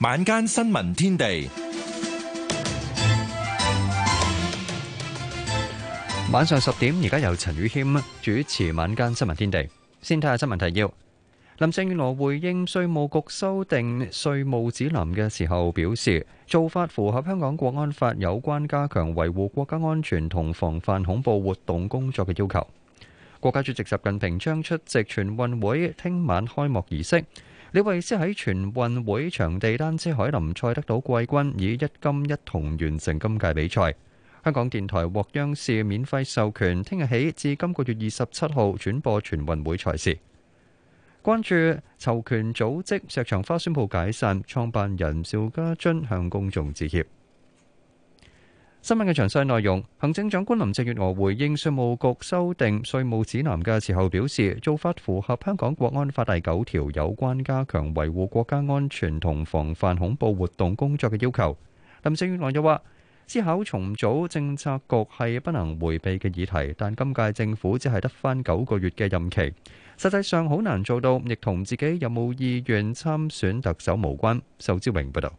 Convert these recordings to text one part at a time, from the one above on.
晚間新聞天地，晚上十點而家，由陳宇謙主持晚間新聞天地。先睇下新聞提要。林鄭月娥回應稅務局修訂稅務指南嘅時候表示，做法符合香港國安法有關加強維護國家安全同防範恐怖活動工作嘅要求。國家主席習近平將出席全運會聽晚開幕儀式。李慧詩喺全運會場地單車凱林賽得到季軍，以一金一銅完成今屆比賽。香港電台獲央視免費授權，聽日起至今個月二十七號轉播全運會賽事。關注囚權組織石牆花宣布解散，創辦人邵家臻向公眾致歉。新聞嘅詳細內容，行政長官林鄭月娥回應稅務局修訂稅務指南嘅時候表示，做法符合香港國安法第九條有關加強維護國家安全同防範恐怖活動工作嘅要求。林鄭月娥又話：思考重組政策局係不能迴避嘅議題，但今屆政府只係得返九個月嘅任期，實際上好難做到，亦同自己有冇意願參選特首無關。仇志榮報道。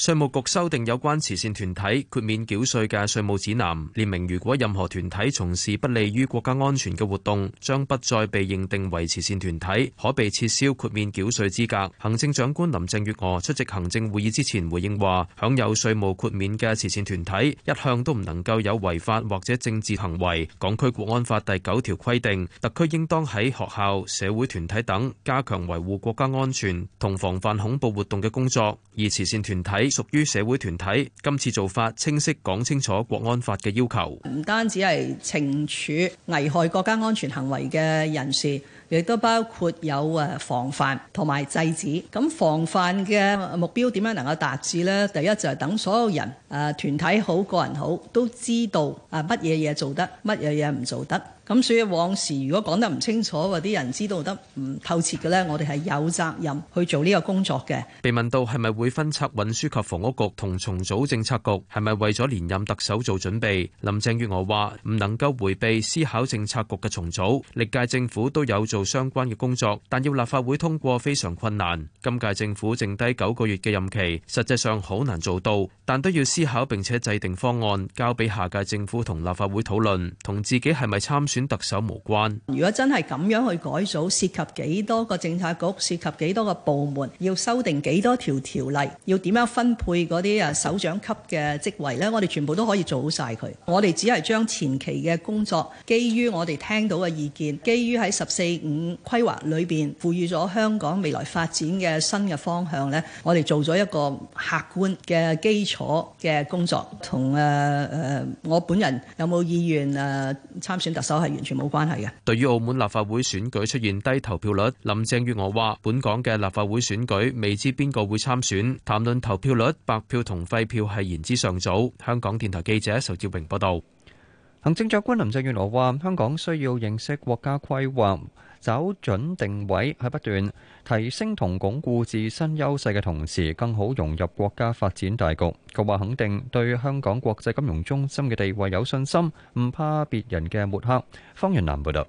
稅務局修訂有關慈善團體豁免繳稅嘅稅務指南，列明如果任何團體從事不利於國家安全嘅活動，將不再被認定為慈善團體，可被撤銷豁免繳稅資格。行政長官林鄭月娥出席行政會議之前回應話，享有稅務豁免嘅慈善團體一向都唔能夠有違法或者政治行為。港區國安法第九條規定，特區應當喺學校、社會團體等加強維護國家安全同防範恐怖活動嘅工作，而慈善團體，屬於社會團體，今次做法清晰，講清楚國安法嘅要求，唔單止係懲處危害國家安全行為嘅人士，亦都包括有誒防範同埋制止。咁防範嘅目標點樣能夠達至呢？第一就係等所有人誒團體好、個人好都知道啊乜嘢嘢做得，乜嘢嘢唔做得。咁所以往時如果講得唔清楚，或啲人知道得唔透徹嘅呢，我哋係有責任去做呢個工作嘅。被問到係咪會分拆運輸及房屋局同重組政策局，係咪為咗連任特首做準備？林鄭月娥話：唔能夠迴避思考政策局嘅重組，歷屆政府都有做相關嘅工作，但要立法會通過非常困難。今屆政府剩低九個月嘅任期，實際上好難做到，但都要思考並且制定方案，交俾下屆政府同立法會討論，同自己係咪參選特首無關。如果真係咁樣去改組，涉及幾多個政策局，涉及幾多個部門，要修訂幾多條條例，要點樣分配嗰啲誒首長級嘅職位呢，我哋全部都可以做好晒佢。我哋只係將前期嘅工作，基於我哋聽到嘅意見，基於喺十四五規劃裏邊賦予咗香港未來發展嘅新嘅方向呢，我哋做咗一個客觀嘅基礎嘅工作，同誒誒，我本人有冇意願誒參選特首係？完全冇關係嘅。對於澳門立法會選舉出現低投票率，林鄭月娥話：本港嘅立法會選舉未知邊個會參選，談論投票率、白票同廢票係言之尚早。香港電台記者仇志榮報道。行政長官林鄭月娥話：香港需要認識國家規劃。找準定位，喺不斷提升同鞏固自身優勢嘅同時，更好融入國家發展大局。佢話肯定對香港國際金融中心嘅地位有信心，唔怕別人嘅抹黑。方潤南報導。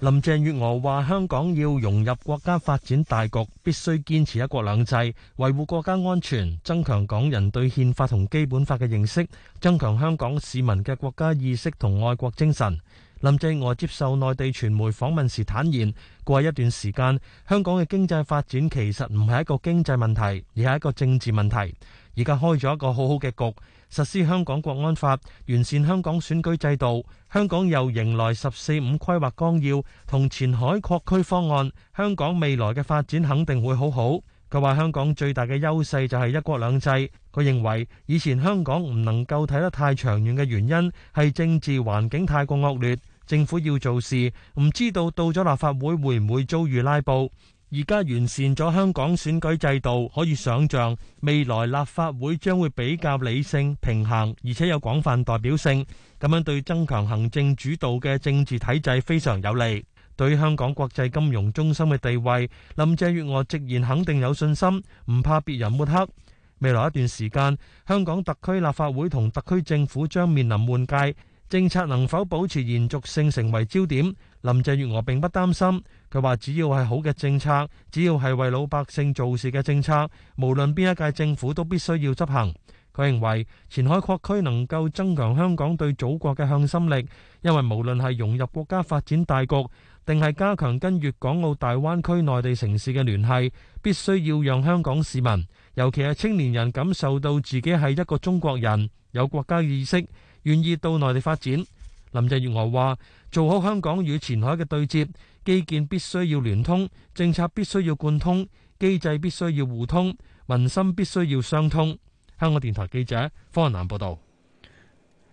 林鄭月娥話：香港要融入國家發展大局，必須堅持一國兩制，維護國家安全，增強港人對憲法同基本法嘅認識，增強香港市民嘅國家意識同愛國精神。林鄭月娥接受內地傳媒訪問時坦言：過一段時間，香港嘅經濟發展其實唔係一個經濟問題，而係一個政治問題。而家開咗一個好好嘅局，實施香港國安法，完善香港選舉制度，香港又迎來十四五規劃綱要同前海擴區方案，香港未來嘅發展肯定會好好。佢話：香港最大嘅優勢就係一國兩制。佢認為以前香港唔能夠睇得太長遠嘅原因係政治環境太過惡劣。政府要做事，唔知道到咗立法會會唔會遭遇拉布。而家完善咗香港選舉制度，可以想象未來立法會將會比較理性、平衡，而且有廣泛代表性。咁樣對增強行政主導嘅政治體制非常有利。對香港國際金融中心嘅地位，林鄭月娥直言肯定有信心，唔怕別人抹黑。未來一段時間，香港特區立法會同特區政府將面臨換屆。政策能否保持延續性成為焦點，林鄭月娥並不擔心。佢話：只要係好嘅政策，只要係為老百姓做事嘅政策，無論邊一屆政府都必須要執行。佢認為，前海擴區能夠增強香港對祖國嘅向心力，因為無論係融入國家發展大局，定係加強跟粵港澳大灣區內地城市嘅聯繫，必須要讓香港市民，尤其係青年人感受到自己係一個中國人，有國家意識，願意到內地發展。林鄭月娥話：做好香港與前海嘅對接，基建必須要聯通，政策必須要貫通，機制必須要互通，民心必須要相通。香港電台記者方雲南報道。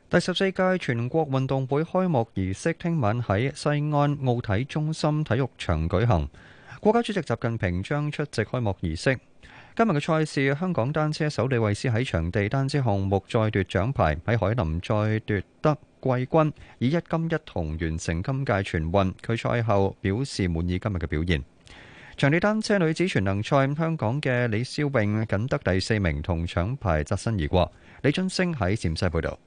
第十四屆全國運動會開幕儀式聽晚喺西安奧體中心體育場舉行，國家主席習近平將出席開幕儀式。今日嘅賽事，香港單車手李慧詩喺場地單車項目再奪獎牌，喺凱林再奪得季軍，以一金一銅完成今屆全運。佢賽後表示滿意今日嘅表現。場地單車女子全能賽，香港嘅李思穎僅得第四名，同獎牌擦身而過。李津星喺陝西報道。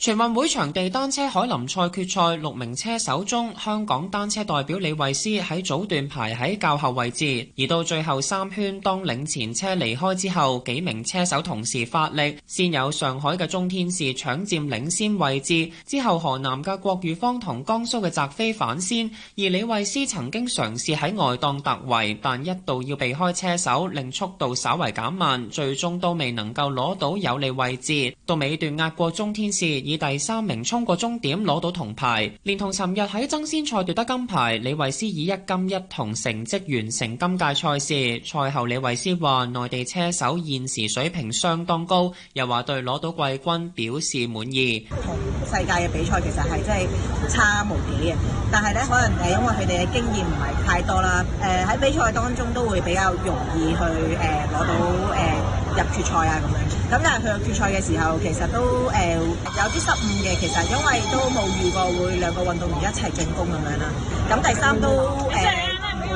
全運會場地單車凱林賽決賽六名車手中，香港單車代表李慧詩喺早段排喺較後位置。而到最後三圈，當領前車離開之後，幾名車手同時發力，先有上海嘅鍾天使搶佔領先位置，之後河南嘅郭玉芳同江蘇嘅澤飛反先。而李慧詩曾經嘗試喺外檔突圍，但一度要避開車手，令速度稍為減慢，最終都未能夠攞到有利位置。到尾段壓過鍾天使。以第三名衝過終點攞到銅牌，連同尋日喺爭先賽奪得金牌，李慧詩以一金一銅成績完成今屆賽事。賽後李慧詩話內地車手現時水平相當高，又話對攞到季軍表示滿意。同世界嘅比賽其實係真係差無幾嘅，但係咧可能誒因為佢哋嘅經驗唔係太多啦，誒、呃、喺比賽當中都會比較容易去誒攞、呃、到誒、呃、入決賽啊咁樣。咁但係，佢去決賽嘅時候，其實都、呃、有啲失誤嘅。其實因為都冇遇過會兩個運動員一齊進攻咁樣啦。咁第三都誒、呃、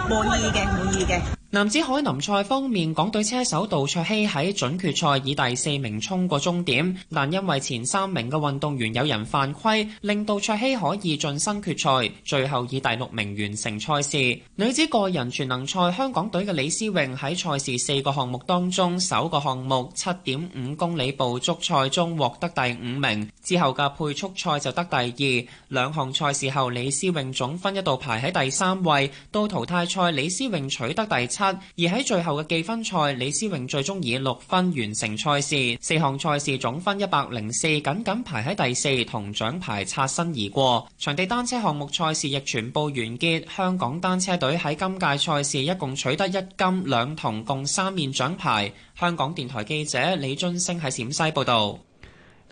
滿意嘅，滿意嘅。男子凱林賽方面，港隊車手杜卓希喺準決賽以第四名衝過終點，但因為前三名嘅運動員有人犯規，令杜卓希可以晉身決賽，最後以第六名完成賽事。女子個人全能賽，香港隊嘅李思穎喺賽事四個項目當中，首個項目七點五公里捕捉賽中獲得第五名，之後嘅配速賽就得第二，兩項賽事後李思穎總分一度排喺第三位，到淘汰賽李思穎取得第七。而喺最後嘅計分賽，李思穎最終以六分完成賽事，四項賽事總分一百零四，僅僅排喺第四，同獎牌擦身而過。場地單車項目賽事亦全部完結，香港單車隊喺今屆賽事一共取得一金兩銅，共三面獎牌。香港電台記者李津升喺陝西報道。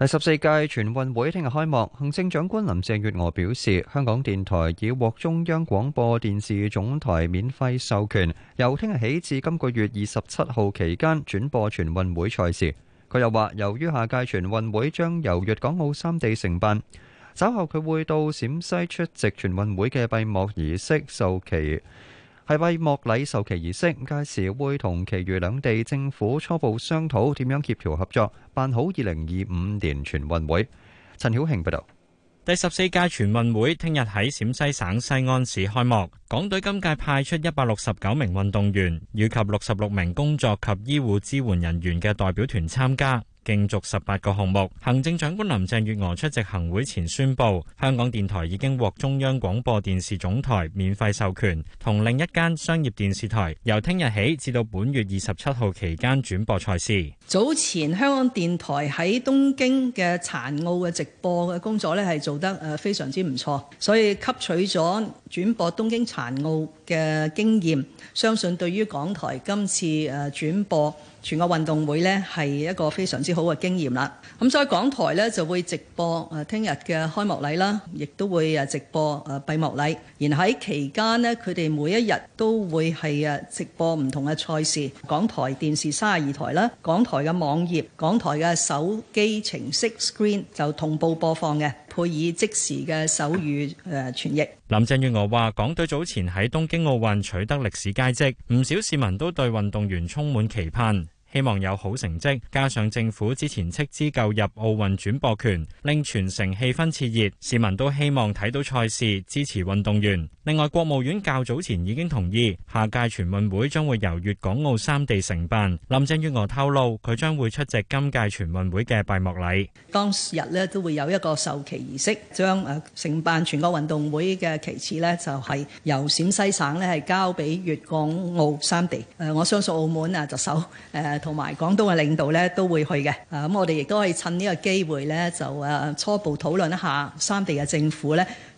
第十四屆全運會聽日開幕，行政長官林鄭月娥表示，香港電台已獲中央廣播電視總台免費授權，由聽日起至今個月二十七號期間轉播全運會賽事。佢又話，由於下屆全運會將由粵港澳三地承辦，稍後佢會到陝西出席全運會嘅閉幕儀式授旗。係為莫禮授旗儀式，屆時會同其餘兩地政府初步商討點樣協調合作，辦好二零二五年全運會。陳曉慶報導，第十四屆全運會聽日喺陝西省西安市開幕，港隊今屆派出一百六十九名運動員以及六十六名工作及醫護支援人員嘅代表團參加。競逐十八個項目，行政長官林鄭月娥出席行會前宣布，香港電台已經獲中央廣播電視總台免費授權，同另一間商業電視台由聽日起至到本月二十七號期間轉播賽事。早前香港電台喺東京嘅殘奧嘅直播嘅工作咧係做得誒非常之唔錯，所以吸取咗。轉播東京殘奧嘅經驗，相信對於港台今次誒轉播全國運動會呢係一個非常之好嘅經驗啦。咁所以港台呢就會直播誒聽日嘅開幕禮啦，亦都會誒直播誒閉幕禮。然喺期間呢，佢哋每一日都會係誒直播唔同嘅賽事。港台電視三十二台啦，港台嘅網頁、港台嘅手機程式 Screen 就同步播放嘅。配以即時嘅手語誒傳譯。林鄭月娥話，港隊早前喺東京奧運取得歷史佳績，唔少市民都對運動員充滿期盼，希望有好成績。加上政府之前斥資購入奧運轉播權，令全城氣氛熾熱，市民都希望睇到賽事，支持運動員。另外，國務院較早前已經同意，下屆全運會將會由粵港澳三地承辦。林鄭月娥透露，佢將會出席今屆全運會嘅閉幕禮。當日呢都會有一個授旗儀式，將誒承辦全國運動會嘅旗幟呢就係、是、由陝西省呢係交俾粵港澳三地。誒，我相信澳門啊、特首誒同埋廣東嘅領導呢都會去嘅。啊，咁我哋亦都可以趁呢個機會呢就誒初步討論一下三地嘅政府呢。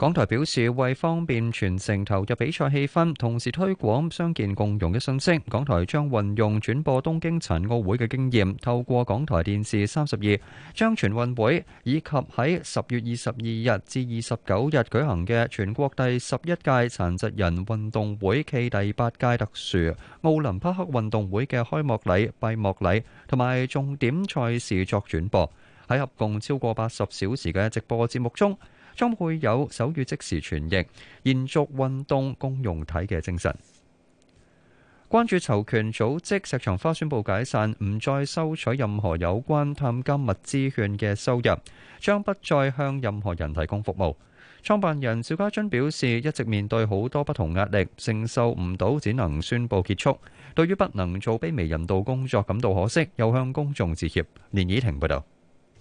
港台表示，為方便全城投入比賽氣氛，同時推廣傷健共融嘅信息，港台將運用轉播東京殘奧會嘅經驗，透過港台電視三十二，將全運會以及喺十月二十二日至二十九日舉行嘅全國第十一屆殘疾人運動會暨第八屆特殊奧林匹克運動會嘅開幕禮、閉幕禮同埋重點賽事作轉播。喺合共超過八十小時嘅直播節目中，將會有手語即時傳譯，延續運動公用體嘅精神。關注囚權組織石牆花宣布解散，唔再收取任何有關探監物資券嘅收入，將不再向任何人提供服務。創辦人邵家臻表示，一直面對好多不同壓力，承受唔到，只能宣佈結束。對於不能做卑微人道工作感到可惜，又向公眾致歉。連以婷報道。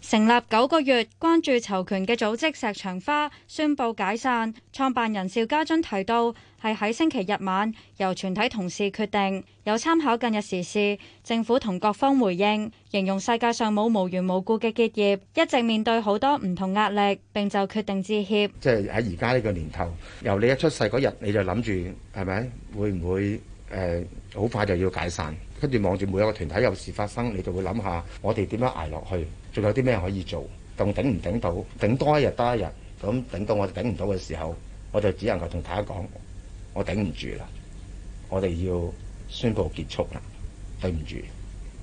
成立九個月，關注囚權嘅組織石牆花宣布解散。創辦人邵家臻提到，係喺星期日晚由全體同事決定，有參考近日時事、政府同各方回應，形容世界上冇無緣無故嘅結業，一直面對好多唔同壓力。並就決定致歉。即係喺而家呢個年頭，由你一出世嗰日，你就諗住係咪會唔會誒好快就要解散，跟住望住每一個團體有事發生，你就會諗下我哋點樣捱落去。仲有啲咩可以做？仲頂唔頂到？頂多一日多一日，咁頂到我頂唔到嘅時候，我就只能夠同大家講，我頂唔住啦，我哋要宣布結束啦，對唔住。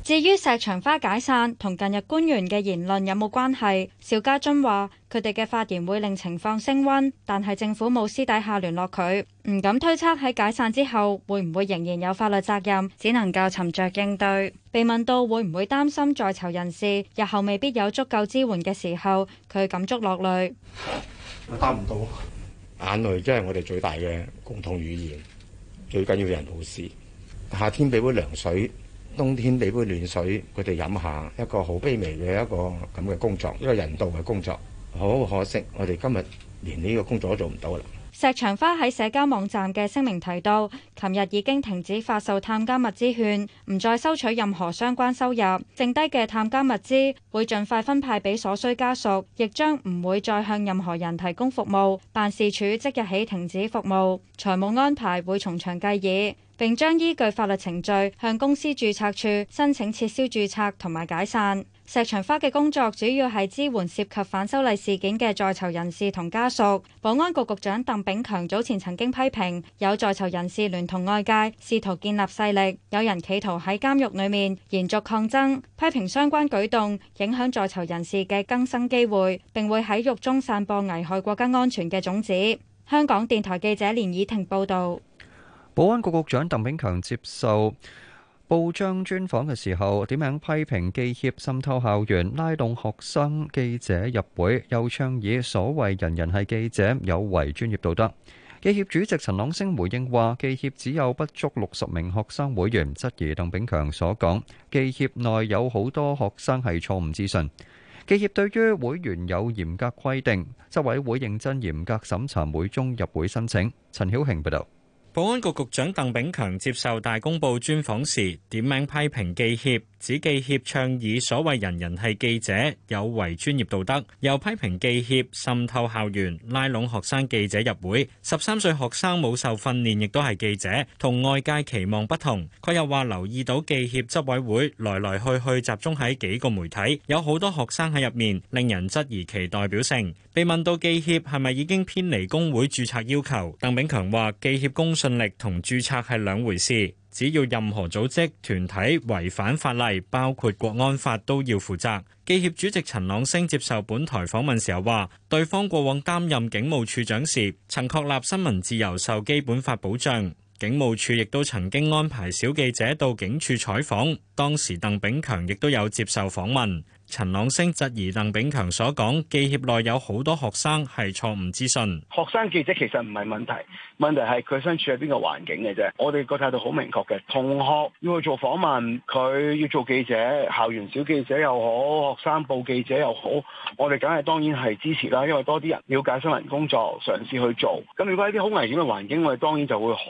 至於石牆花解散同近日官員嘅言論有冇關係？邵家臻話：佢哋嘅發言會令情況升溫，但係政府冇私底下聯絡佢，唔敢推測喺解散之後會唔會仍然有法律責任，只能夠沉着應對。被問到會唔會擔心在囚人士日後未必有足夠支援嘅時候，佢感觸落淚。我答唔到，眼淚即係我哋最大嘅共同語言，最緊要嘅人冇事。夏天俾杯涼水。冬天俾杯暖水，佢哋飲下，一個好卑微嘅一個咁嘅工作，一個人道嘅工作。好可惜，我哋今日連呢個工作都做唔到喇。石長花喺社交網站嘅聲明提到，琴日已經停止發售探監物資券，唔再收取任何相關收入。剩低嘅探監物資會盡快分派俾所需家屬，亦將唔會再向任何人提供服務。辦事處即日起停止服務，財務安排會從長計議，並將依據法律程序向公司註冊處申請撤銷註冊同埋解散。石牆花嘅工作主要係支援涉及反修例事件嘅在囚人士同家屬。保安局局長鄧炳強早前曾經批評有在囚人士聯同外界試圖建立勢力，有人企圖喺監獄裏面延續抗爭，批評相關舉動影響在囚人士嘅更生機會，並會喺獄中散播危害國家安全嘅種子。香港電台記者連以婷報導。保安局局長鄧炳強接受報章專訪嘅時候，點樣批評記協滲透校園、拉攏學生記者入會，又倡議所謂人人係記者有違專業道德。記協主席陳朗昇回應話：記協只有不足六十名學生會員，質疑鄧炳強所講，記協內有好多學生係錯誤資訊。記協對於會員有嚴格規定，執委會認真嚴格審查每宗入會申請。陳曉慶報道。保安局局長鄧炳強接受大公報專訪時，點名批評記協。指記協倡議所謂人人係記者有違專業道德，又批評記協滲透校園拉攏學生記者入會，十三歲學生冇受訓練亦都係記者，同外界期望不同。佢又話留意到記協執委會來來去去集中喺幾個媒體，有好多學生喺入面，令人質疑其代表性。被問到記協係咪已經偏離工會註冊要求，鄧炳強話記協公信力同註冊係兩回事。只要任何組織團體違反法例，包括國安法，都要負責。記協主席陳朗昇接受本台訪問時候話：對方過往擔任警務處長時，曾確立新聞自由受基本法保障。警務處亦都曾經安排小記者到警署採訪，當時鄧炳強亦都有接受訪問。陳朗昇質疑鄧炳強所講，記協內有好多學生係錯誤資訊。學生記者其實唔係問題，問題係佢身處喺邊個環境嘅啫。我哋個態度好明確嘅，同學要去做訪問，佢要做記者，校園小記者又好，學生報記者又好，我哋梗係當然係支持啦。因為多啲人了解新聞工作，嘗試去做。咁如果喺啲好危險嘅環境，我哋當然就會好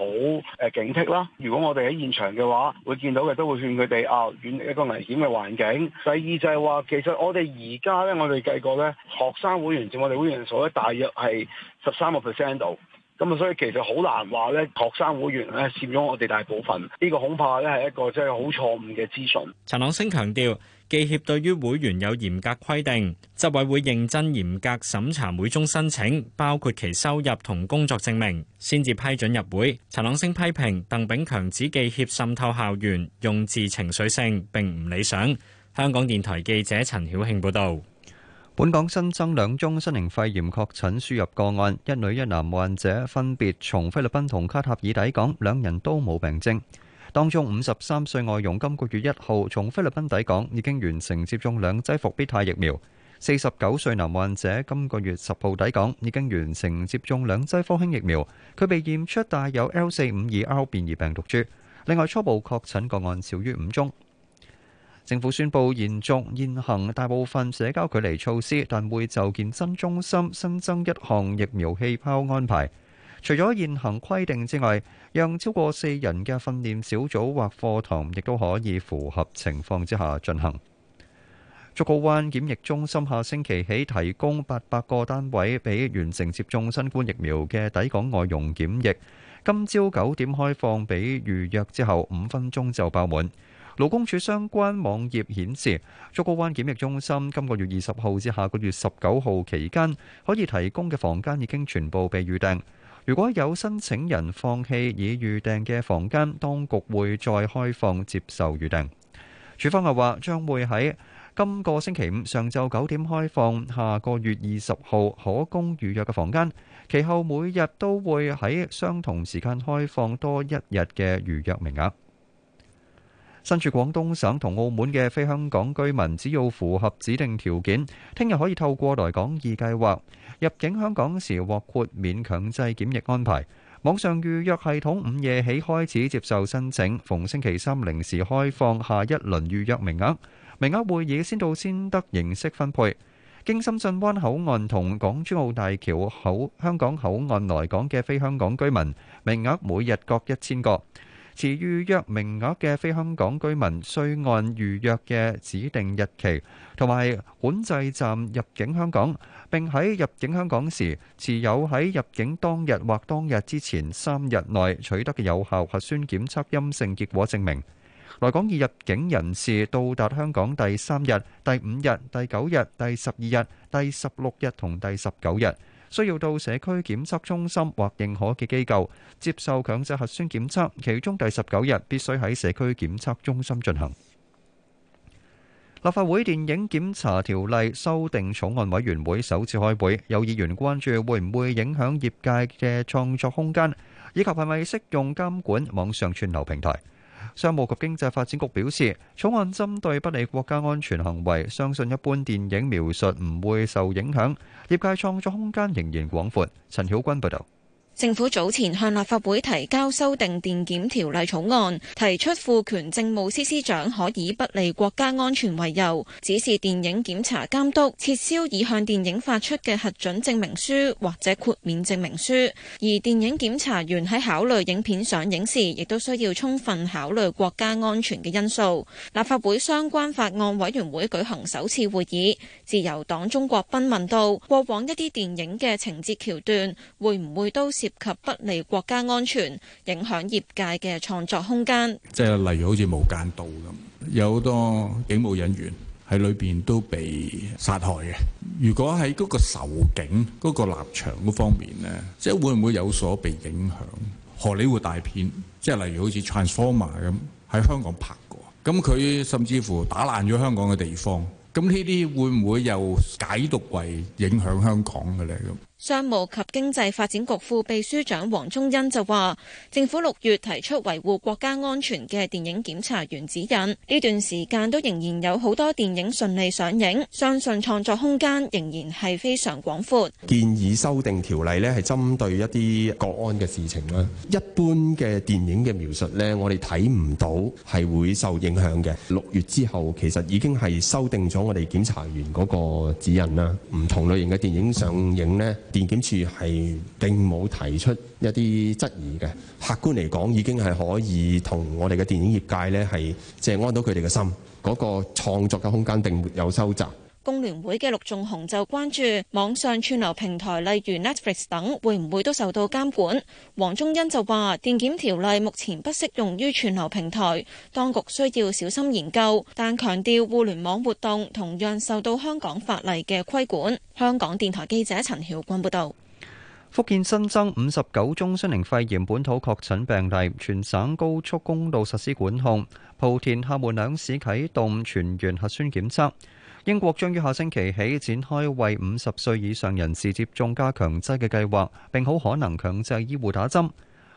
誒警惕啦。如果我哋喺現場嘅話，會見到嘅都會勸佢哋啊遠離一個危險嘅環境。第二就係話。其實我哋而家咧，我哋計過咧，學生會員佔我哋會員數咧，大約係十三個 percent 度。咁啊，所以其實好難話咧，學生會員咧佔咗我哋大部分。呢個恐怕咧係一個即係好錯誤嘅資訊。陳朗昇強調，記協對於會員有嚴格規定，執委會認真嚴格審查每宗申請，包括其收入同工作證明，先至批准入會。陳朗昇批評鄧炳強指記協滲透校園，用字情緒性並唔理想。香港電台記者陳曉慶報道，本港新增兩宗新型肺炎確診輸入個案，一女一男患者分別從菲律賓同卡塔爾抵港，兩人都冇病徵。當中五十三歲外傭今個月一號從菲律賓抵港，已經完成接種兩劑伏必泰疫苗；四十九歲男患者今個月十號抵港，已經完成接種兩劑科興疫苗。佢被驗出帶有 L 四五二 R 變異病毒株。另外，初步確診個案少於五宗。政府宣布延續現行大部分社交距離措施，但會就健身中心新增一項疫苗氣泡安排。除咗現行規定之外，讓超過四人嘅訓練小組或課堂亦都可以符合情況之下進行。竹篙灣檢疫中心下星期起提供八百個單位俾完成接種新冠疫苗嘅抵港外傭檢疫。今朝九點開放俾預約之後，五分鐘就爆滿。勞工處相關網頁顯示，竹篙灣檢疫中心今個月二十號至下個月十九號期間，可以提供嘅房間已經全部被預訂。如果有申請人放棄已預訂嘅房間，當局會再開放接受預訂。處方又話將會喺今個星期五上晝九點開放，下個月二十號可供預約嘅房間，其後每日都會喺相同時間開放多一日嘅預約名額。身處廣東省同澳門嘅非香港居民，只要符合指定條件，聽日可以透過來港易計劃入境香港時，獲豁免強制檢疫安排。網上預約系統午夜起開始接受申請，逢星期三零時開放下一輪預約名額，名額會以先到先得形式分配。經深圳灣口岸同港珠澳大橋口香港口岸來港嘅非香港居民，名額每日各一千個。持預約名額嘅非香港居民，須按預約嘅指定日期同埋管制站入境香港，並喺入境香港時持有喺入境當日或當日之前三日內取得嘅有效核酸檢測陰性結果證明。來港已入境人士，到達香港第三日、第五日、第九日、第十二日、第十六日同第十九日，需要到社區檢測中心或認可嘅機構接受強制核酸檢測，其中第十九日必須喺社區檢測中心進行。立法會電影檢查條例修訂草案委員會首次開會，有議員關注會唔會影響業界嘅創作空間，以及係咪適用監管網上串流平台。商務及經濟發展局表示，草案針對不利國家安全行為，相信一般電影描述唔會受影響，業界創作空間仍然廣闊。陳曉君報道。政府早前向立法會提交修訂電檢條例草案，提出賦權政務司司長可以不利國家安全為由，指示電影檢查監督撤銷已向電影發出嘅核准證明書或者豁免證明書。而電影檢查員喺考慮影片上映時，亦都需要充分考慮國家安全嘅因素。立法會相關法案委員會舉行首次會議，自由黨鍾國斌問到：過往一啲電影嘅情節橋段，會唔會都係涉及不利國家安全，影響業界嘅創作空間。即係例如好似無間道咁，有好多警務人員喺裏邊都被殺害嘅。如果喺嗰個仇警嗰個立場嗰方面呢，即係會唔會有所被影響？荷里活大片，即係例如好似 Transformer 咁，喺香港拍過，咁佢甚至乎打爛咗香港嘅地方，咁呢啲會唔會又解讀為影響香港嘅咧？咁？商務及經濟發展局副秘書長黃忠恩就話，政府六月提出維護國家安全嘅電影檢查員指引，呢段時間都仍然有好多電影順利上映，相信創作空間仍然係非常廣闊。建議修訂條例呢，係針對一啲國安嘅事情啦。一般嘅電影嘅描述呢，我哋睇唔到係會受影響嘅。六月之後，其實已經係修訂咗我哋檢查員嗰個指引啦。唔同類型嘅電影上映呢。電檢處係並冇提出一啲質疑嘅，客觀嚟講，已經係可以同我哋嘅電影業界咧係即安到佢哋嘅心，嗰個創作嘅空間，並沒有收窄。工聯會嘅陸仲雄就關注網上串流平台，例如 Netflix 等，會唔會都受到監管？黃宗恩就話：電檢條例目前不適用於串流平台，當局需要小心研究，但強調互聯網活動同樣受到香港法例嘅規管。香港電台記者陳曉君報導。福建新增五十九宗新型肺炎本土確診病例，全省高速公路實施管控，莆田、廈門兩市啟動全員核酸檢測。英國將於下星期起展開為五十歲以上人士接種加強劑嘅計劃，並好可能強制醫護打針。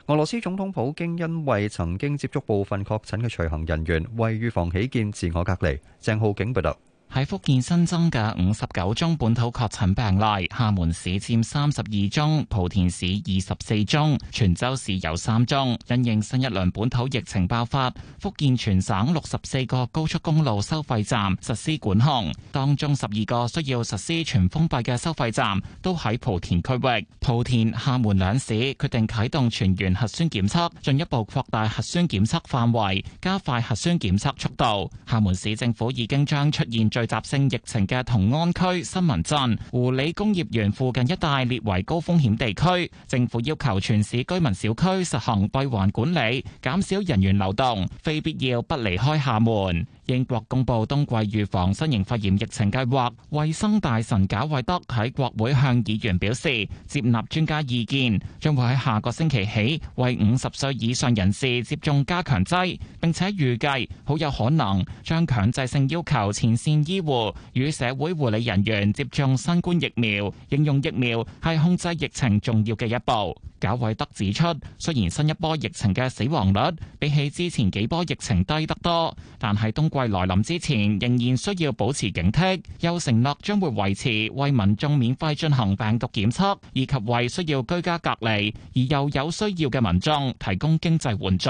俄羅斯總統普京因為曾經接觸部分確診嘅隨行人員，為預防起見自我隔離。鄭浩景報導。喺福建新增嘅五十九宗本土確診病例，廈門市占三十二宗，莆田市二十四宗，泉州市有三宗。因應新一輪本土疫情爆發，福建全省六十四個高速公路收費站實施管控，當中十二個需要實施全封閉嘅收費站都喺莆田區域。莆田、廈門兩市決定啟動全員核酸檢測，進一步擴大核酸檢測範圍，加快核酸檢測速度。廈門市政府已經將出現聚集性疫情嘅同安區新民鎮湖里工業園附近一帶列為高風險地區，政府要求全市居民小區實行閉環管理，減少人員流動，非必要不離開廈門。英國公布冬季預防新型肺炎疫情計劃，衛生大臣賈維德喺國會向議員表示，接納專家意見，將會喺下個星期起為五十歲以上人士接種加強劑，並且預計好有可能將強制性要求前線醫護與社會護理人員接種新冠疫苗，應用疫苗係控制疫情重要嘅一步。賈偉德指出，雖然新一波疫情嘅死亡率比起之前幾波疫情低得多，但喺冬季來臨之前，仍然需要保持警惕，又承諾將會維持為民眾免費進行病毒檢測，以及為需要居家隔離而又有需要嘅民眾提供經濟援助。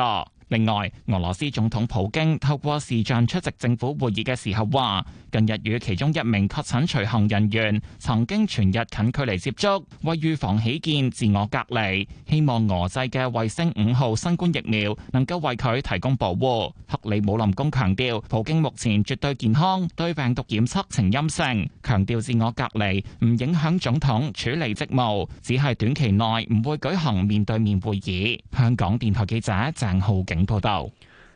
另外，俄羅斯總統普京透過視像出席政府會議嘅時候話，近日與其中一名確診隨行人員曾經全日近距離接觸，為預防起見，自我隔離。希望俄製嘅衛星五號新冠疫苗能夠為佢提供保護。克里姆林宮強調，普京目前絕對健康，對病毒檢測呈陰性，強調自我隔離唔影響總統處理職務，只係短期內唔會舉行面對面會議。香港電台記者鄭浩景報道。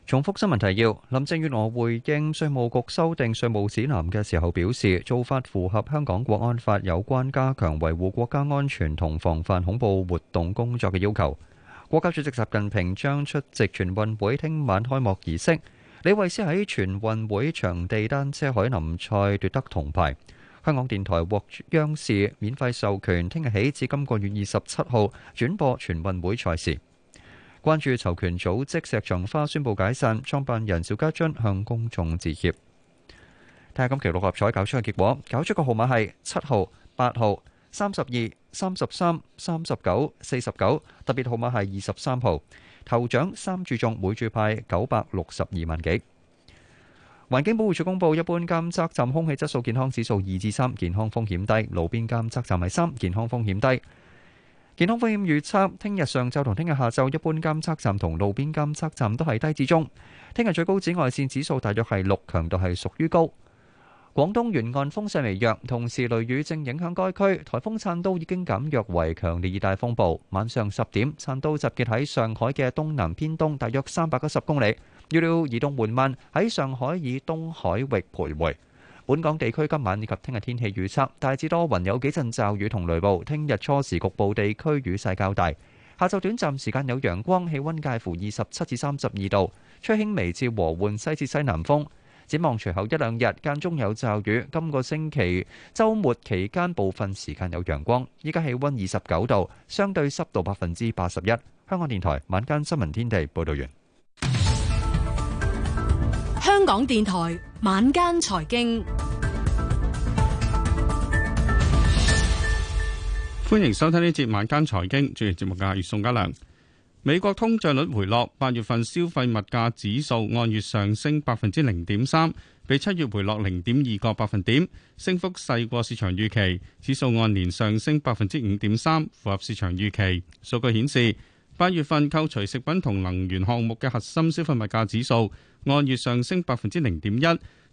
重複新聞提要：林鄭月娥回應稅務局修訂稅務指南嘅時候表示，做法符合香港國安法有關加強維護國家安全同防範恐怖活動工作嘅要求。國家主席習近平將出席全運會聽晚開幕儀式。李慧詩喺全運會場地單車海南賽奪得銅牌。香港電台獲央視免費授權，聽日起至今個月二十七號轉播全運會賽事。關注囚權組織石牆花宣布解散，創辦人邵家臻向公眾致歉。睇下今期六合彩搞出嘅結果，搞出個號碼係七號、八號、三十二、三十三、三十九、四十九，特別號碼係二十三號。頭獎三注中，每注派九百六十二萬幾。環境保護署公布，一般監測站空氣質素健康指數二至三，健康風險低；路邊監測站係三，健康風險低。健康風險預測：聽日上晝同聽日下晝，一般監測站同路邊監測站都係低至中。聽日最高紫外線指數大約係六，強度係屬於高。廣東沿岸風勢微弱，同時雷雨正影響該區。颱風燦都已經減弱為強烈熱帶風暴。晚上十點，燦都集結喺上海嘅東南偏東，大約三百九十公里。預料移動緩慢，喺上海以東海域徘徊。本港地區今晚以及聽日天氣預測，大致多雲，有幾陣驟雨同雷暴。聽日初時局部地區雨勢較大，下晝短暫時間有陽光，氣温介乎二十七至三十二度，吹輕微至和緩西至西南風。展望隨後一兩日間中有驟雨，今個星期週末期間部分時間有陽光。依家氣温二十九度，相對濕度百分之八十一。香港電台晚間新聞天地，報道完。香港電台晚間財經，歡迎收聽呢節晚間財經。主持節目嘅係宋家良。美國通脹率回落，八月份消費物價指數按月上升百分之零點三，比七月回落零點二個百分點，升幅細過市場預期。指數按年上升百分之五點三，符合市場預期。數據顯示。八月份扣除食品同能源項目嘅核心消費物價指數按月上升百分之零點一，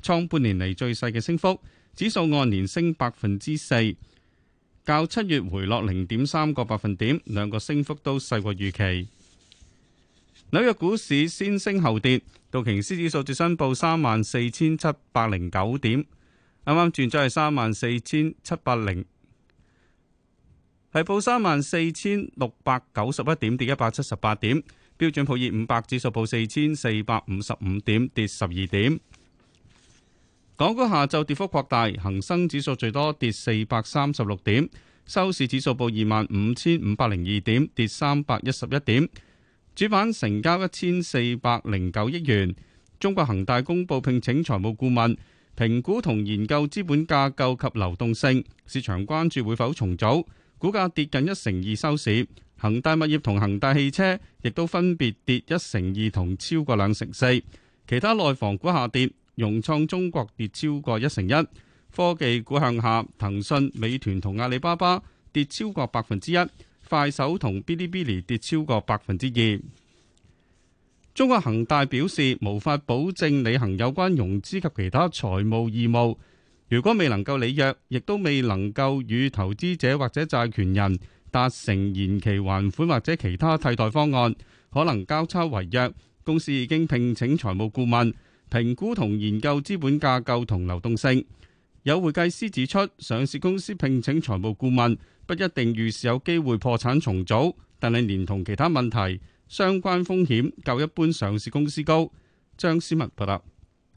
創半年嚟最細嘅升幅。指數按年升百分之四，較七月回落零點三個百分點，兩個升幅都細過預期。紐約股市先升後跌，道瓊斯指數最新報三萬四千七百零九點，啱啱轉咗係三萬四千七百零。係報三萬四千六百九十一點，跌一百七十八點。標準普爾五百指數報四千四百五十五點，跌十二點。港股下晝跌幅擴大，恒生指數最多跌四百三十六點，收市指數報二萬五千五百零二點，跌三百一十一點。主板成交一千四百零九億元。中國恒大公布聘請財務顧問，評估同研究資本架構及流動性，市場關注會否重組。股價跌近一成二收市，恒大物業同恒大汽車亦都分別跌一成二同超過兩成四。其他內房股下跌，融創中國跌超過一成一，科技股向下，騰訊、美團同阿里巴巴跌超過百分之一，快手同嗶哩嗶哩跌超過百分之二。中國恒大表示無法保證履行有關融資及其他財務義務。如果未能夠履約，亦都未能夠與投資者或者債權人達成延期還款或者其他替代方案，可能交叉違約。公司已經聘請財務顧問評估同研究資本架構同流動性。有會計師指出，上市公司聘請財務顧問不一定預示有機會破產重組，但係連同其他問題相關風險較一般上市公司高。張思密報道。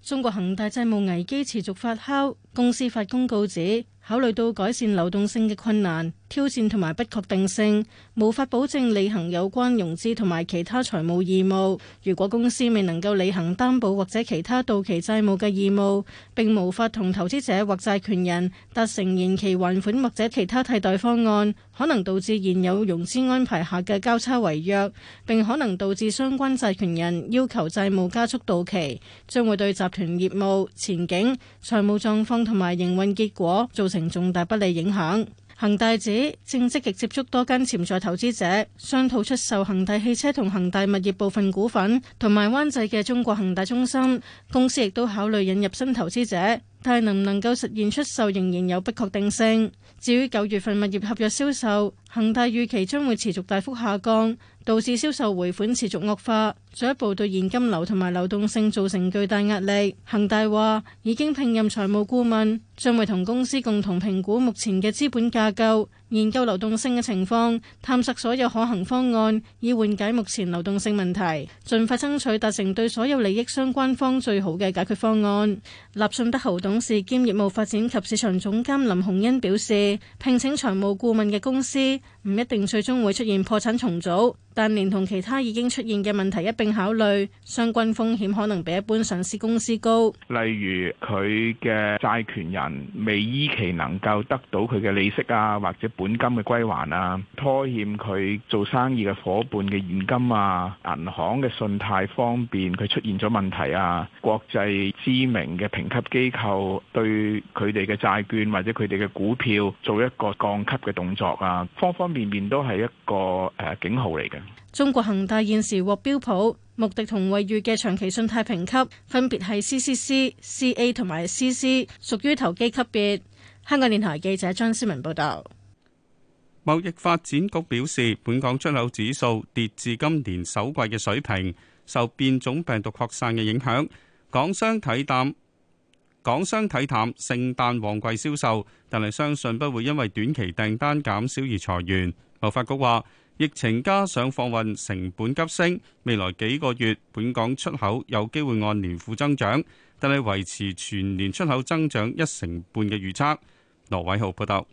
中國恒大債務危機持續發酵，公司發公告指：考慮到改善流動性嘅困難、挑戰同埋不確定性，無法保證履行有關融資同埋其他財務義務。如果公司未能夠履行擔保或者其他到期債務嘅義務，並無法同投資者或債權人達成延期還款或者其他替代方案，可能導致現有融資安排下嘅交叉違約，並可能導致相關債權人要求債務加速到期，將會對集團業務前景、財務狀況同埋營運結果造。成重大不利影響，恒大指正積極接觸多間潛在投資者，商討出售恒大汽車同恒大物業部分股份，同埋灣仔嘅中國恒大中心。公司亦都考慮引入新投資者，但係能唔能夠實現出售仍然有不確定性。至於九月份物業合約銷售，恒大預期將會持續大幅下降。導致銷售回款持續惡化，進一步對現金流同埋流動性造成巨大壓力。恒大話已經聘任財務顧問，將會同公司共同評估目前嘅資本架構，研究流動性嘅情況，探索所有可行方案，以緩解目前流動性問題，盡快爭取達成對所有利益相關方最好嘅解決方案。立信德豪董事兼業務發展及市場總監林鴻恩表示，聘請財務顧問嘅公司唔一定最終會出現破產重組。但連同其他已經出現嘅問題一並考慮，相關風險可能比一般上市公司高。例如，佢嘅債權人未依期能夠得到佢嘅利息啊，或者本金嘅歸還啊，拖欠佢做生意嘅夥伴嘅現金啊，銀行嘅信貸方面佢出現咗問題啊，國際知名嘅評級機構對佢哋嘅債券或者佢哋嘅股票做一個降級嘅動作啊，方方面面都係一個誒警號嚟嘅。中國恒大現時獲標普、穆迪同惠譽嘅長期信貸評級，分別係 CCC、CA 同埋 CC，屬於投機級別。香港電台記者張思文報道。貿易發展局表示，本港出口指數跌至今年首季嘅水平，受變種病毒擴散嘅影響。港商睇淡，港商睇淡聖誕旺季銷售，但係相信不會因為短期訂單減少而裁員。貿發局話。疫情加上貨運成本急升，未來幾個月本港出口有機會按年負增長，但係維持全年出口增長一成半嘅預測。羅偉浩報道。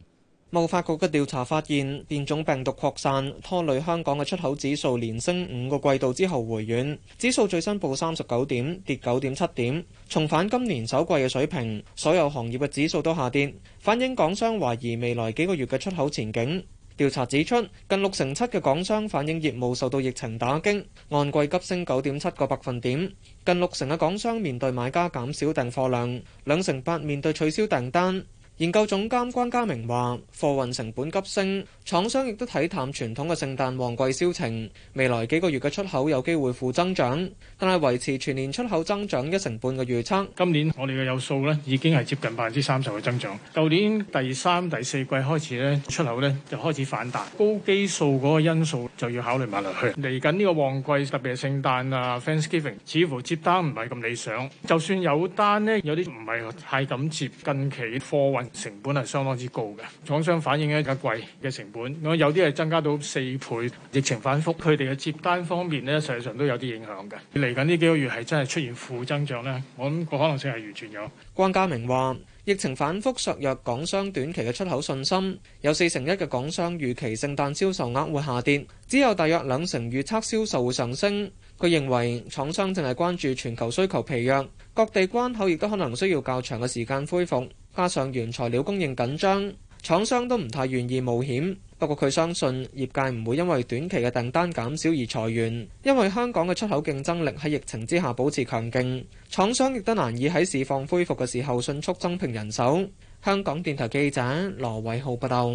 貿發局嘅調查發現，變種病毒擴散拖累香港嘅出口指數，連升五個季度之後回軟，指數最新報三十九點，跌九點七點，重返今年首季嘅水平。所有行業嘅指數都下跌，反映港商懷疑未來幾個月嘅出口前景。調查指出，近六成七嘅港商反映業務受到疫情打擊，按季急升九點七個百分點。近六成嘅港商面對買家減少訂貨量，兩成八面對取消訂單。研究總監關家明話貨運成本急升，廠商亦都睇淡傳統嘅聖誕旺季銷情，未來幾個月嘅出口有機會負增長，但係維持全年出口增長一成半嘅預測，今年我哋嘅有數咧已經係接近百分之三十嘅增長，舊年第三、第四季開始咧出口咧就開始反彈，高基數嗰個因素就要考慮埋落去。嚟緊呢個旺季特別係聖誕啊，Thanksgiving 似乎接單唔係咁理想，就算有單咧，有啲唔係太敢接近期貨運。成本係相當之高嘅，廠商反映一價貴嘅成本，我有啲係增加到四倍。疫情反覆，佢哋嘅接單方面咧，實際上都有啲影響嘅。嚟緊呢幾個月係真係出現負增長呢，我諗個可能性係完全有。關家明話：疫情反覆削弱港商短期嘅出口信心，有四成一嘅港商預期聖誕銷售額會下跌，只有大約兩成預測銷售會上升。佢認為廠商淨係關注全球需求疲弱，各地關口亦都可能需要較長嘅時間恢復。加上原材料供應緊張，廠商都唔太願意冒險，不過，佢相信業界唔會因為短期嘅訂單減少而裁員，因為香港嘅出口競爭力喺疫情之下保持強勁，廠商亦都難以喺市況恢復嘅時候迅速增聘人手。香港電台記者羅偉浩報道。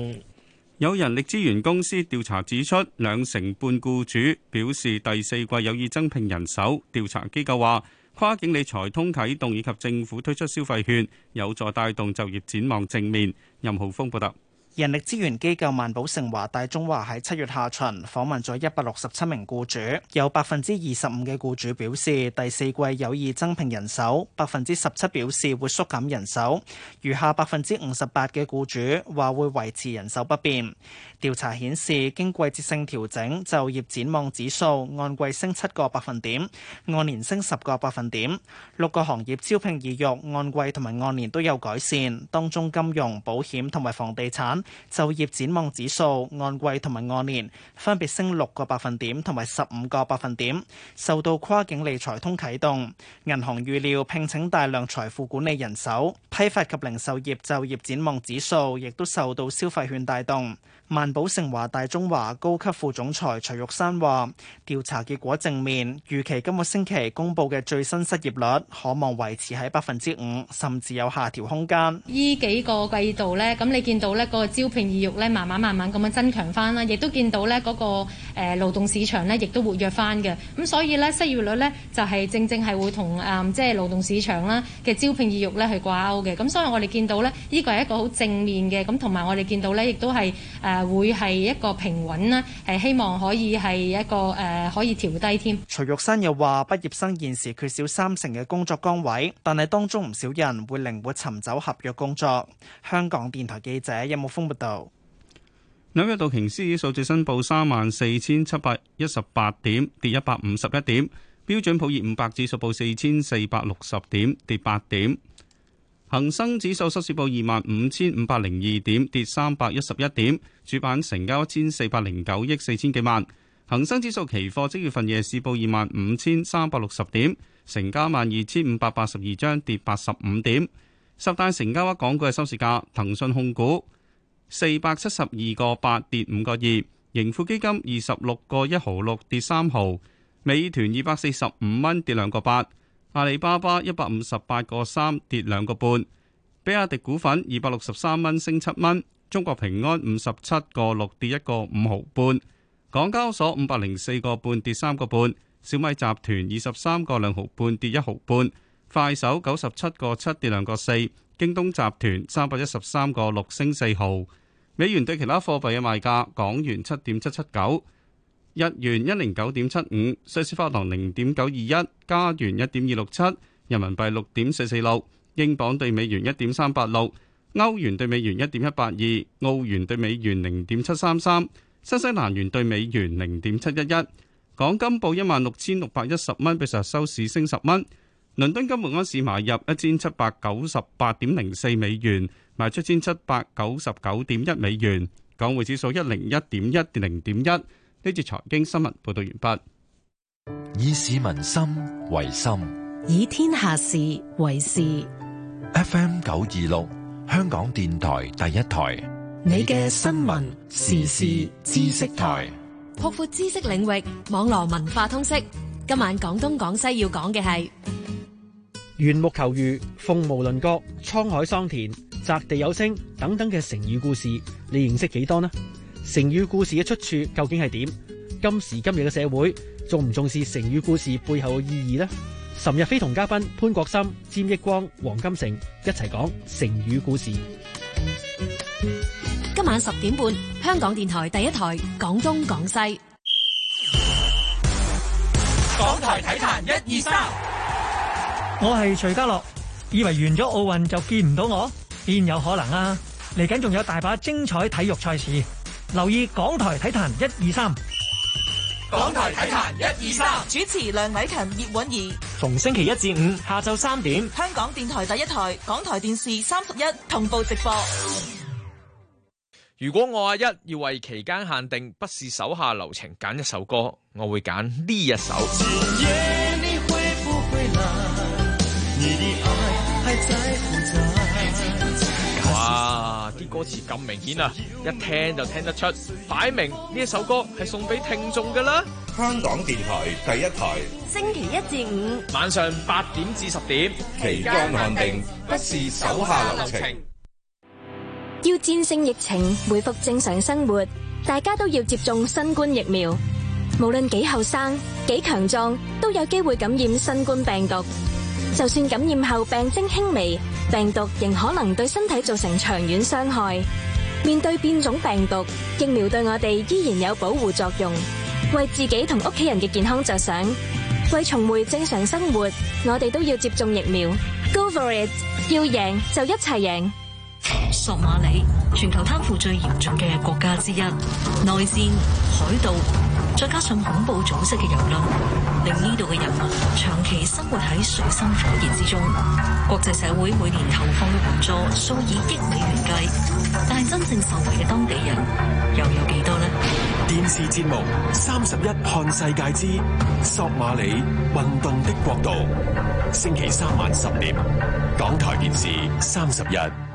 有人力資源公司調查指出，兩成半僱主表示第四季有意增聘人手。調查機構話。跨境理財通啟動以及政府推出消費券，有助帶動就業展望正面。任浩峰報道，人力資源機構萬寶盛華大中華喺七月下旬訪問咗一百六十七名雇主，有百分之二十五嘅雇主表示第四季有意增聘人手，百分之十七表示會縮減人手，餘下百分之五十八嘅雇主話會維持人手不變。調查顯示，經季節性調整，就業展望指數按季升七個百分點，按年升十個百分點。六個行業招聘意欲按季同埋按年都有改善，當中金融、保險同埋房地產就業展望指數按季同埋按年分別升六個百分點同埋十五個百分點。受到跨境理財通啟動，銀行預料聘請大量財富管理人手。批發及零售業就業展望指數亦都受到消費券帶動。萬寶誠華大中華高級副總裁徐玉山話：調查結果正面，預期今個星期公布嘅最新失業率可望維持喺百分之五，甚至有下調空間。呢幾個季度呢，咁你見到呢個招聘意欲呢，慢慢慢慢咁樣增強翻啦，亦都見到呢嗰個誒勞動市場呢，亦都活躍翻嘅。咁所以呢失業率呢就係正正係會同誒即係勞動市場啦嘅招聘意欲呢係掛鈎嘅。咁所以我哋見到呢呢個係一個好正面嘅，咁同埋我哋見到呢亦都係誒會。佢係一個平穩啦，係希望可以係一個誒可以調低添。徐玉山又話：畢業生現時缺少三成嘅工作崗位，但係當中唔少人會靈活尋找合約工作。香港電台記者任木峰報道，紐約道瓊斯數字升報三萬四千七百一十八點，跌一百五十一點。標準普爾五百指數報四千四百六十點，跌八點。恒生指數收市報二萬五千五百零二點，跌三百一十一點。主板成交一千四百零九億四千幾萬。恒生指數期貨即月份夜市報二萬五千三百六十點，成交萬二千五百八十二張，跌八十五點。十大成交額港股嘅收市價：騰訊控股四百七十二個八，8, 跌五個二；盈富基金二十六個一毫六，跌三毫；美團二百四十五蚊，跌兩個八。阿里巴巴一百五十八個三，跌兩個半，比亞迪股份二百六十三蚊，升七蚊，中國平安五十七個六，跌一個五毫半，港交所五百零四個半，跌三個半，小米集團二十三個兩毫半，跌一毫半，快手九十七個七，跌兩個四，京東集團三百一十三個六，升四毫，美元對其他貨幣嘅賣價，港元七點七七九。日元一零九點七五，瑞士法郎零點九二一，加元一點二六七，人民幣六點四四六，英鎊兌美元一點三八六，歐元兌美元一點一八二，澳元兌美元零點七三三，新西蘭元兌美元零點七一一。港金報一萬六千六百一十蚊，比上日收市升十蚊。倫敦金每盎司買入一千七百九十八點零四美元，賣出一千七百九十九點一美元。港匯指數一零一點一零點一。呢節財經新聞報道完畢，以市民心為心，以天下事為事。F M 九二六，香港電台第一台，你嘅新聞時事知識台，擴闊知識領域，網絡文化通識。今晚廣東廣西要講嘅係，緣木求魚、鳳毛麟角、滄海桑田、擲地有聲等等嘅成語故事，你認識幾多呢？成語故事嘅出處究竟係點？今時今日嘅社會重唔重視成語故事背後嘅意義呢？尋日非同嘉賓潘國森、詹益光、黃金城一齊講成語故事。今晚十點半，香港電台第一台，講東講西。港台體壇一二三，1, 2, 我係徐家樂。以為完咗奧運就見唔到我，邊有可能啊！嚟緊仲有大把精彩體育賽事。留意港台體壇一二三，1, 2, 港台體壇一二三，1, 2, 主持梁偉勤、葉婉儀，逢星期一至五下晝三點，香港電台第一台、港台電視三十一同步直播。如果我阿、啊、一要為期間限定不是手下留情揀一首歌，我會揀呢一首。好啊。歌詞咁明顯呀，一聽就聽得出，擺明呢一首歌係送俾聽眾噶啦。香港電台第一台，星期一至五晚上八點至十點，期間限定，不是手下留情。要戰勝疫情，回復正常生活，大家都要接種新冠疫苗。無論幾後生，幾強壯，都有機會感染新冠病毒。就算感染後病徵輕微。病毒仍可能對身體造成長遠傷害。面對變種病毒，疫苗對我哋依然有保護作用。為自己同屋企人嘅健康着想，為重回正常生活，我哋都要接種疫苗。Go for it！要贏就一齊贏。索馬里全球貪腐最嚴重嘅國家之一，內戰、海盜，再加上恐怖組織嘅游輪，令呢度嘅人民長期生活喺水深火熱之中。國際社會每年投放嘅援助數以億美元計，但係真正受惠嘅當地人又有幾多呢？電視節目三十一看世界之索馬里：混沌的國度。星期三晚十點，港台電視三十一。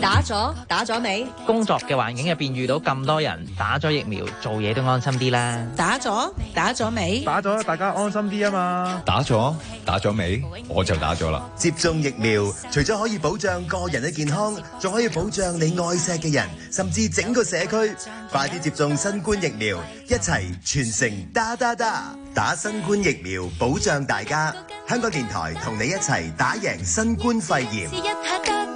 打咗打咗未？工作嘅環境入邊遇到咁多人打咗疫苗，做嘢都安心啲啦。打咗打咗未？打咗，大家安心啲啊嘛！打咗打咗未？我就打咗啦。接種疫苗，除咗可以保障個人嘅健康，仲可以保障你愛錫嘅人，甚至整個社區。快啲接種新冠疫苗，一齊全城打打打！打新冠疫苗，保障大家。香港電台同你一齊打贏新冠肺炎。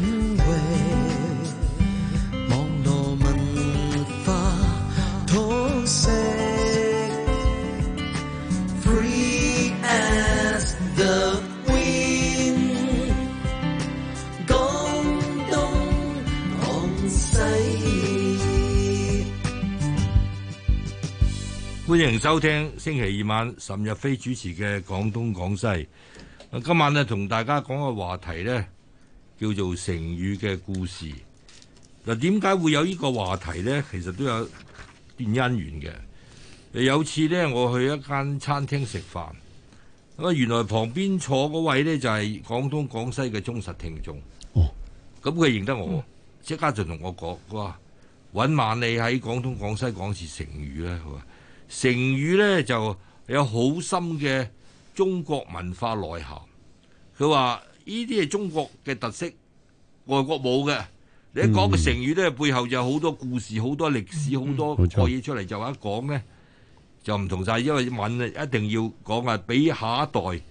收聽星期二晚岑日飛主持嘅《廣東廣西》。今晚呢同大家講個話題呢叫做成語嘅故事。嗱，點解會有呢個話題呢？其實都有段姻緣嘅。有次呢，我去一間餐廳食飯，咁啊，原來旁邊坐嗰位呢，就係、是《廣東廣西》嘅忠實聽眾。哦，咁佢認得我，即刻就同我講：，佢話搵晚你喺《廣東廣西》講次成語啦。佢成語咧就有好深嘅中國文化內涵。佢話：呢啲係中國嘅特色，外國冇嘅。你一講嘅成語咧，背後就有好多故事、好多歷史、好多個嘢出嚟，就一講咧就唔同晒。因為文啊，一定要講啊，俾下一代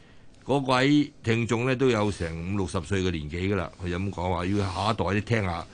嗰位聽眾咧都有成五六十歲嘅年紀㗎啦。佢就咁講話，要下一代啲聽下。